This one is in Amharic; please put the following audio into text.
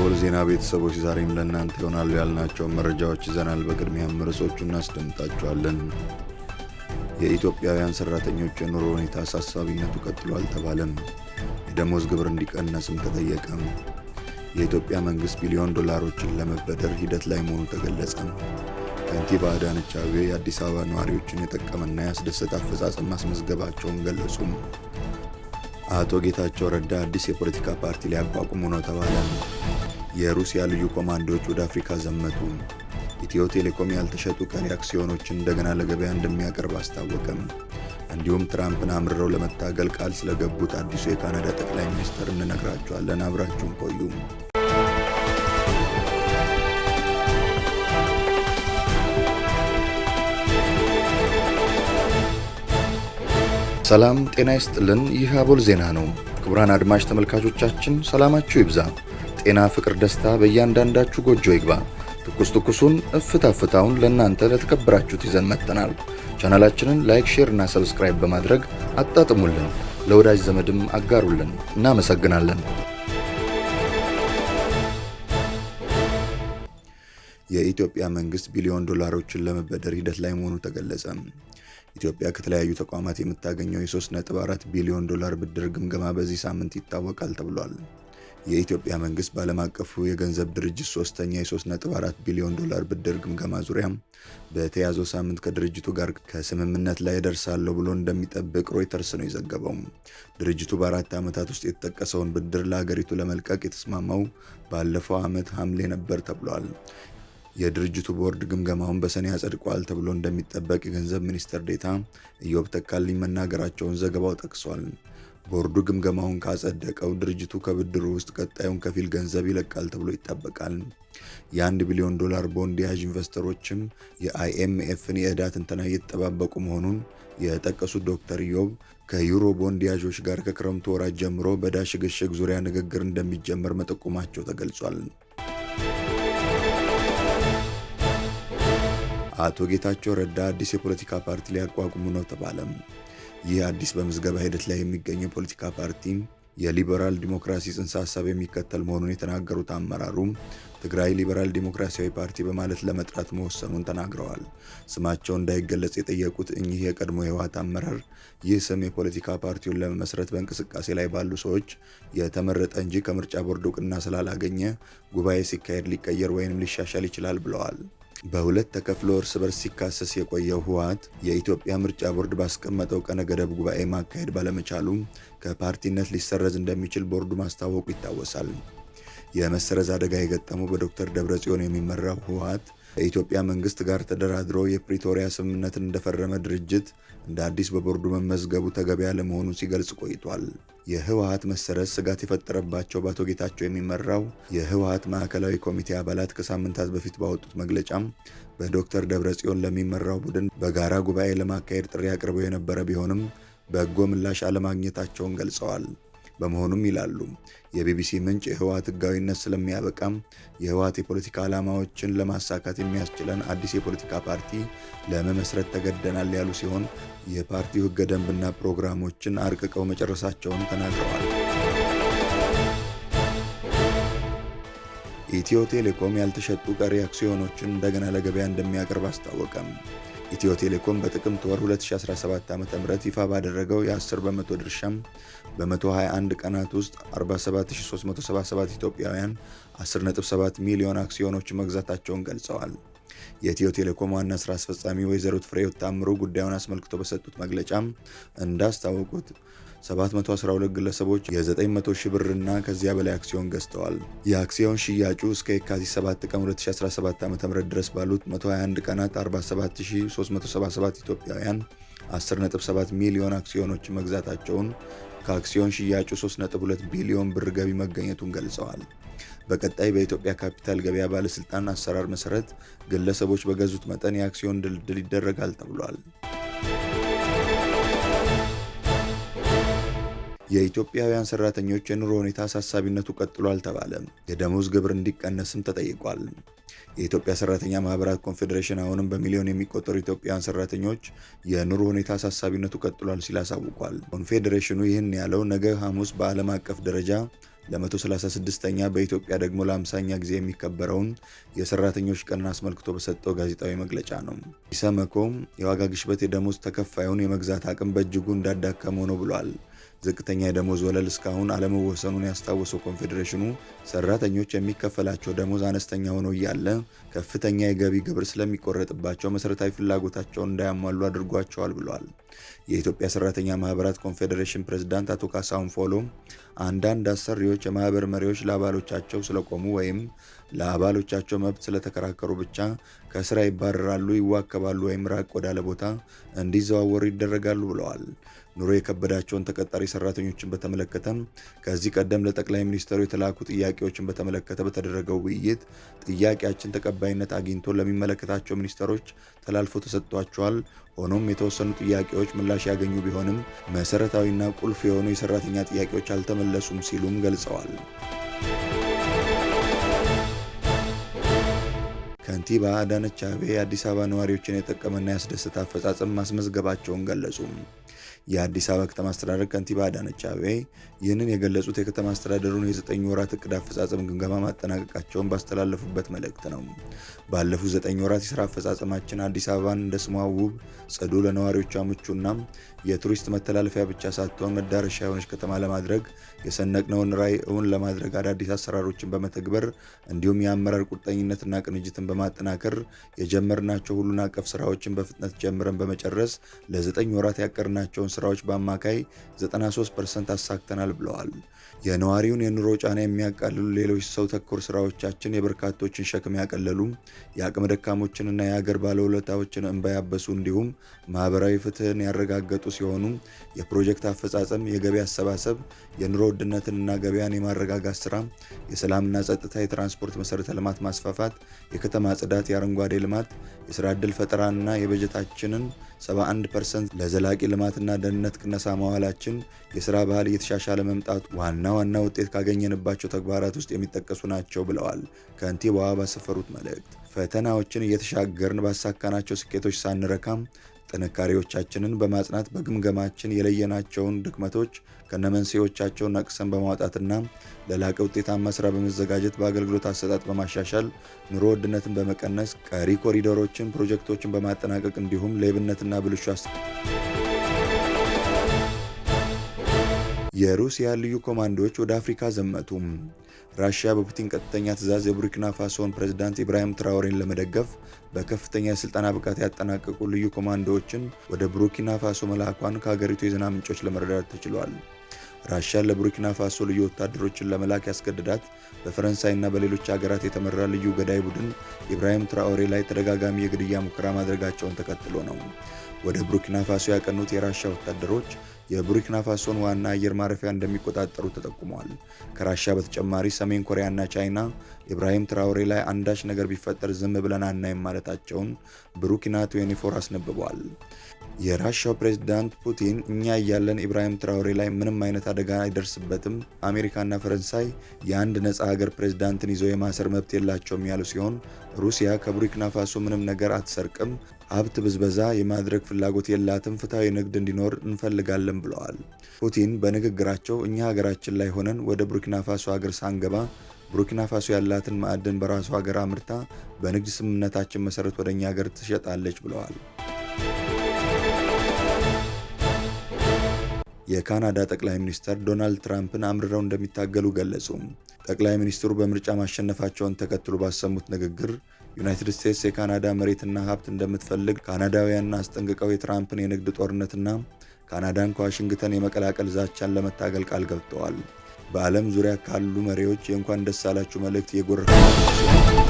የአቦል ዜና ቤተሰቦች ዛሬም ለእናንተ ይሆናሉ ያልናቸውን መረጃዎች ይዘናል። በቅድሚያም ርዕሶቹ እናስደምጣቸዋለን። የኢትዮጵያውያን ሰራተኞች የኑሮ ሁኔታ አሳሳቢነቱ ቀጥሎ አልተባለም። የደሞዝ ግብር እንዲቀነስም ተጠየቀም። የኢትዮጵያ መንግስት ቢሊዮን ዶላሮችን ለመበደር ሂደት ላይ መሆኑ ተገለጸ። ከንቲባ አዳነች አቤቤ የአዲስ አበባ ነዋሪዎችን የጠቀመና ያስደሰት አፈጻጸም ማስመዝገባቸውን ገለጹም። አቶ ጌታቸው ረዳ አዲስ የፖለቲካ ፓርቲ ሊያቋቁሙ ነው ተባለ። የሩሲያ ልዩ ኮማንዶዎች ወደ አፍሪካ ዘመቱ። ኢትዮ ቴሌኮም ያልተሸጡ ቀሪ አክሲዮኖችን እንደገና ለገበያ እንደሚያቀርብ አስታወቀም። እንዲሁም ትራምፕን አምርረው ለመታገል ቃል ስለገቡት አዲሱ የካናዳ ጠቅላይ ሚኒስትር እንነግራችኋለን። አብራችሁን ቆዩ። ሰላም ጤና ይስጥልን። ይህ አቦል ዜና ነው። ክቡራን አድማጭ ተመልካቾቻችን ሰላማችሁ ይብዛ ጤና፣ ፍቅር፣ ደስታ በእያንዳንዳችሁ ጎጆ ይግባ። ትኩስ ትኩሱን እፍታ ፍታውን ለእናንተ ለተከበራችሁት ይዘን መጥተናል። ቻናላችንን ላይክ፣ ሼር እና ሰብስክራይብ በማድረግ አጣጥሙልን፣ ለወዳጅ ዘመድም አጋሩልን። እናመሰግናለን። የኢትዮጵያ መንግስት ቢሊዮን ዶላሮችን ለመበደር ሂደት ላይ መሆኑ ተገለጸ። ኢትዮጵያ ከተለያዩ ተቋማት የምታገኘው የ3.4 ቢሊዮን ዶላር ብድር ግምገማ በዚህ ሳምንት ይታወቃል ተብሏል። የኢትዮጵያ መንግስት በዓለም አቀፉ የገንዘብ ድርጅት ሶስተኛ የ3.4 ቢሊዮን ዶላር ብድር ግምገማ ዙሪያ በተያዘው ሳምንት ከድርጅቱ ጋር ከስምምነት ላይ ደርሳለሁ ብሎ እንደሚጠብቅ ሮይተርስ ነው የዘገበው። ድርጅቱ በአራት ዓመታት ውስጥ የተጠቀሰውን ብድር ለሀገሪቱ ለመልቀቅ የተስማማው ባለፈው ዓመት ሐምሌ ነበር ተብሏል። የድርጅቱ ቦርድ ግምገማውን በሰኔ አጸድቋል ተብሎ እንደሚጠበቅ የገንዘብ ሚኒስትር ዴታ ኢዮብ ተካልኝ መናገራቸውን ዘገባው ጠቅሷል። ቦርዱ ግምገማውን ካጸደቀው ድርጅቱ ከብድሩ ውስጥ ቀጣዩን ከፊል ገንዘብ ይለቃል ተብሎ ይጠበቃል። የአንድ ቢሊዮን ዶላር ቦንድ የያዥ ኢንቨስተሮችም የአይኤምኤፍን የዕዳ ትንተና እየተጠባበቁ መሆኑን የጠቀሱት ዶክተር ኢዮብ ከዩሮ ቦንድ ያዦች ጋር ከክረምቱ ወራት ጀምሮ በዕዳ ሽግሽግ ዙሪያ ንግግር እንደሚጀመር መጠቆማቸው ተገልጿል። አቶ ጌታቸው ረዳ አዲስ የፖለቲካ ፓርቲ ሊያቋቁሙ ነው ተባለም። ይህ አዲስ በምዝገባ ሂደት ላይ የሚገኝ የፖለቲካ ፓርቲም የሊበራል ዲሞክራሲ ጽንሰ ሀሳብ የሚከተል መሆኑን የተናገሩት አመራሩም ትግራይ ሊበራል ዲሞክራሲያዊ ፓርቲ በማለት ለመጥራት መወሰኑን ተናግረዋል። ስማቸው እንዳይገለጽ የጠየቁት እኚህ የቀድሞ የህወሓት አመራር ይህ ስም የፖለቲካ ፓርቲውን ለመመስረት በእንቅስቃሴ ላይ ባሉ ሰዎች የተመረጠ እንጂ ከምርጫ ቦርድ እውቅና ስላላገኘ ጉባኤ ሲካሄድ ሊቀየር ወይንም ሊሻሻል ይችላል ብለዋል። በሁለት ተከፍሎ እርስ በርስ ሲካሰስ የቆየው ህወሓት የኢትዮጵያ ምርጫ ቦርድ ባስቀመጠው ቀነ ገደብ ጉባኤ ማካሄድ ባለመቻሉ ከፓርቲነት ሊሰረዝ እንደሚችል ቦርዱ ማስታወቁ ይታወሳል። የመሰረዝ አደጋ የገጠመው በዶክተር ደብረ የሚመራው ህወሓት ከኢትዮጵያ መንግስት ጋር ተደራድሮ የፕሪቶሪያ ስምምነትን እንደፈረመ ድርጅት እንደ አዲስ በቦርዱ መመዝገቡ ተገቢ ለመሆኑ ሲገልጽ ቆይቷል። የህወሀት መሰረት ስጋት የፈጠረባቸው በአቶ ጌታቸው የሚመራው የህወሀት ማዕከላዊ ኮሚቴ አባላት ከሳምንታት በፊት ባወጡት መግለጫም በዶክተር ደብረጽዮን ለሚመራው ቡድን በጋራ ጉባኤ ለማካሄድ ጥሪ አቅርበው የነበረ ቢሆንም በጎ ምላሽ አለማግኘታቸውን ገልጸዋል። በመሆኑም ይላሉ። የቢቢሲ ምንጭ የህወሓት ህጋዊነት ስለሚያበቃም የህወሓት የፖለቲካ ዓላማዎችን ለማሳካት የሚያስችለን አዲስ የፖለቲካ ፓርቲ ለመመስረት ተገደናል ያሉ ሲሆን የፓርቲው ህገ ደንብና ፕሮግራሞችን አርቅቀው መጨረሳቸውን ተናግረዋል። ኢትዮ ቴሌኮም ያልተሸጡ ቀሪ አክሲዮኖችን እንደገና ለገበያ እንደሚያቀርብ አስታወቀም። ኢትዮ ቴሌኮም በጥቅምት ወር 2017 ዓ.ም ይፋ ባደረገው የ10 በመቶ ድርሻም በ121 ቀናት ውስጥ 47377 ኢትዮጵያውያን 10.7 ሚሊዮን አክሲዮኖች መግዛታቸውን ገልጸዋል። የኢትዮ ቴሌኮም ዋና ስራ አስፈጻሚ ወይዘሮት ፍሬሕይወት ታምሩ ጉዳዩን አስመልክቶ በሰጡት መግለጫ እንዳስታወቁት 712 ግለሰቦች የ900 ሺህ ብርና ከዚያ በላይ አክሲዮን ገዝተዋል። የአክሲዮን ሽያጩ እስከ የካቲት 7 ቀን 2017 ዓ.ም ድረስ ባሉት 121 ቀናት 47377 ኢትዮጵያውያን 10.7 ሚሊዮን አክሲዮኖችን መግዛታቸውን ከአክሲዮን ሽያጩ 3.2 ቢሊዮን ብር ገቢ መገኘቱን ገልጸዋል። በቀጣይ በኢትዮጵያ ካፒታል ገበያ ባለስልጣን አሰራር መሰረት ግለሰቦች በገዙት መጠን የአክሲዮን ድልድል ይደረጋል ተብሏል። የኢትዮጵያውያን ሰራተኞች የኑሮ ሁኔታ አሳሳቢነቱ ቀጥሏል ተባለ። የደሞዝ ግብር እንዲቀነስም ተጠይቋል። የኢትዮጵያ ሰራተኛ ማህበራት ኮንፌዴሬሽን አሁንም በሚሊዮን የሚቆጠሩ ኢትዮጵያውያን ሰራተኞች የኑሮ ሁኔታ አሳሳቢነቱ ቀጥሏል ሲል አሳውቋል። ኮንፌዴሬሽኑ ይህን ያለው ነገ ሐሙስ በዓለም አቀፍ ደረጃ ለ136ኛ በኢትዮጵያ ደግሞ ለ50ኛ ጊዜ የሚከበረውን የሰራተኞች ቀን አስመልክቶ በሰጠው ጋዜጣዊ መግለጫ ነው። ኢሰመኮ የዋጋ ግሽበት የደሞዝ ተከፋዩን የመግዛት አቅም በእጅጉ እንዳዳከመው ነው ብሏል። ዝቅተኛ የደሞዝ ወለል እስካሁን አለመወሰኑን ያስታወሰው ኮንፌዴሬሽኑ ሰራተኞች የሚከፈላቸው ደሞዝ አነስተኛ ሆኖ እያለ ከፍተኛ የገቢ ግብር ስለሚቆረጥባቸው መሰረታዊ ፍላጎታቸውን እንዳያሟሉ አድርጓቸዋል ብለዋል። የኢትዮጵያ ሰራተኛ ማህበራት ኮንፌዴሬሽን ፕሬዝዳንት አቶ ካሳሁን ፎሎ አንዳንድ አሰሪዎች የማህበር መሪዎች ለአባሎቻቸው ስለቆሙ ወይም ለአባሎቻቸው መብት ስለተከራከሩ ብቻ ከስራ ይባረራሉ፣ ይዋከባሉ ወይም ራቅ ወዳለ ቦታ እንዲዘዋወሩ ይደረጋሉ ብለዋል። ኑሮ የከበዳቸውን ተቀጣሪ ሰራተኞችን በተመለከተ ከዚህ ቀደም ለጠቅላይ ሚኒስትሩ የተላኩ ጥያቄዎችን በተመለከተ በተደረገው ውይይት ጥያቄያችን ተቀባይነት አግኝቶ ለሚመለከታቸው ሚኒስትሮች ተላልፎ ተሰጥቷቸዋል። ሆኖም የተወሰኑ ጥያቄዎች ምላሽ ያገኙ ቢሆንም መሰረታዊና ቁልፍ የሆኑ የሰራተኛ ጥያቄዎች አልተመለሱም ሲሉም ገልጸዋል። ከንቲባ አዳነች አቤቤ የአዲስ አበባ ነዋሪዎችን የጠቀመና ያስደሰተ አፈጻጸም ማስመዝገባቸውን ገለጹ። የአዲስ አበባ ከተማ አስተዳደር ከንቲባ አዳነች አቤቤ ይህንን የገለጹት የከተማ አስተዳደሩን የዘጠኝ ወራት እቅድ አፈጻጸም ግምገማ ማጠናቀቃቸውን ባስተላለፉበት መልእክት ነው። ባለፉት ዘጠኝ ወራት የስራ አፈጻጸማችን አዲስ አበባን እንደ ስሟ ውብ፣ ጽዱ፣ ለነዋሪዎቿ ምቹና የቱሪስት መተላለፊያ ብቻ ሳትሆን መዳረሻ የሆነች ከተማ ለማድረግ የሰነቅነውን ራዕይ እውን ለማድረግ አዳዲስ አሰራሮችን በመተግበር እንዲሁም የአመራር ቁርጠኝነትና ቅንጅትን በማጠናከር የጀመርናቸው ሁሉን አቀፍ ስራዎችን በፍጥነት ጀምረን በመጨረስ ለዘጠኝ ወራት ያቀርናቸውን ያቀዱትን ስራዎች በአማካይ 93% አሳክተናል ብለዋል። የነዋሪውን የኑሮ ጫና የሚያቃልሉ ሌሎች ሰው ተኮር ስራዎቻችን የበርካቶችን ሸክም ያቀለሉ፣ የአቅመ ደካሞችንና የአገር ባለውለታዎችን እንባ ያበሱ እንዲሁም ማህበራዊ ፍትህን ያረጋገጡ ሲሆኑ የፕሮጀክት አፈጻጸም፣ የገቢ አሰባሰብ፣ የኑሮ ውድነትንና ገበያን የማረጋጋት ስራ፣ የሰላምና ጸጥታ፣ የትራንስፖርት መሰረተ ልማት ማስፋፋት፣ የከተማ ጽዳት፣ የአረንጓዴ ልማት፣ የስራ ዕድል ፈጠራና የበጀታችንን 71% ለዘላቂ ልማትና ደህንነት ቅነሳ መዋላችን የስራ ባህል እየተሻሻለ መምጣት ዋና ዋና ውጤት ካገኘንባቸው ተግባራት ውስጥ የሚጠቀሱ ናቸው ብለዋል ከንቲባዋ ባሰፈሩት መልእክት። ፈተናዎችን እየተሻገርን ባሳካናቸው ስኬቶች ሳንረካም ጥንካሬዎቻችንን በማጽናት በግምገማችን የለየናቸውን ድክመቶች ከነመንስኤዎቻቸው ነቅሰን በማውጣትና ለላቀ ውጤታማ ስራ በመዘጋጀት በአገልግሎት አሰጣጥ በማሻሻል ኑሮ ውድነትን በመቀነስ ቀሪ ኮሪደሮችን፣ ፕሮጀክቶችን በማጠናቀቅ እንዲሁም ሌብነትና ብልሹ የሩሲያ ልዩ ኮማንዶዎች ወደ አፍሪካ ዘመቱ። ራሽያ በፑቲን ቀጥተኛ ትዕዛዝ የቡርኪና ፋሶን ፕሬዝዳንት ኢብራሂም ትራውሬን ለመደገፍ በከፍተኛ የስልጠና ብቃት ያጠናቀቁ ልዩ ኮማንዶዎችን ወደ ቡርኪና ፋሶ መላኳን ከሀገሪቱ የዜና ምንጮች ለመረዳት ተችሏል። ራሽያ ለቡርኪና ፋሶ ልዩ ወታደሮችን ለመላክ ያስገደዳት በፈረንሳይና በሌሎች ሀገራት የተመራ ልዩ ገዳይ ቡድን ኢብራሂም ትራኦሬ ላይ ተደጋጋሚ የግድያ ሙከራ ማድረጋቸውን ተከትሎ ነው። ወደ ቡርኪና ፋሶ ያቀኑት የራሻ ወታደሮች የቡርኪና ፋሶን ዋና አየር ማረፊያ እንደሚቆጣጠሩ ተጠቁመዋል። ከራሻ በተጨማሪ ሰሜን ኮሪያና ቻይና ኢብራሂም ትራውሬ ላይ አንዳች ነገር ቢፈጠር ዝም ብለን አናይም ማለታቸውን ቡርኪና 24 አስነብበዋል። የራሻው ፕሬዝዳንት ፑቲን እኛ እያለን ኢብራሂም ትራውሬ ላይ ምንም አይነት አደጋ አይደርስበትም፣ አሜሪካና ፈረንሳይ የአንድ ነፃ ሀገር ፕሬዝዳንትን ይዘው የማሰር መብት የላቸውም ያሉ ሲሆን ሩሲያ ከቡርኪና ፋሶ ምንም ነገር አትሰርቅም፣ ሀብት ብዝበዛ የማድረግ ፍላጎት የላትም፣ ፍትሐዊ ንግድ እንዲኖር እንፈልጋለን ብለዋል። ፑቲን በንግግራቸው እኛ ሀገራችን ላይ ሆነን ወደ ቡርኪና ፋሶ ሀገር ሳንገባ ቡርኪና ፋሶ ያላትን ማዕድን በራሱ ሀገር አምርታ በንግድ ስምምነታችን መሰረት ወደ እኛ ሀገር ትሸጣለች ብለዋል። የካናዳ ጠቅላይ ሚኒስትር ዶናልድ ትራምፕን አምርረው እንደሚታገሉ ገለጹ። ጠቅላይ ሚኒስትሩ በምርጫ ማሸነፋቸውን ተከትሎ ባሰሙት ንግግር ዩናይትድ ስቴትስ የካናዳ መሬትና ሀብት እንደምትፈልግ ካናዳውያንን አስጠንቅቀው የትራምፕን የንግድ ጦርነትና ካናዳን ከዋሽንግተን የመቀላቀል ዛቻን ለመታገል ቃል ገብተዋል። በዓለም ዙሪያ ካሉ መሪዎች የእንኳን ደስ አላችሁ መልእክት የጎረፈ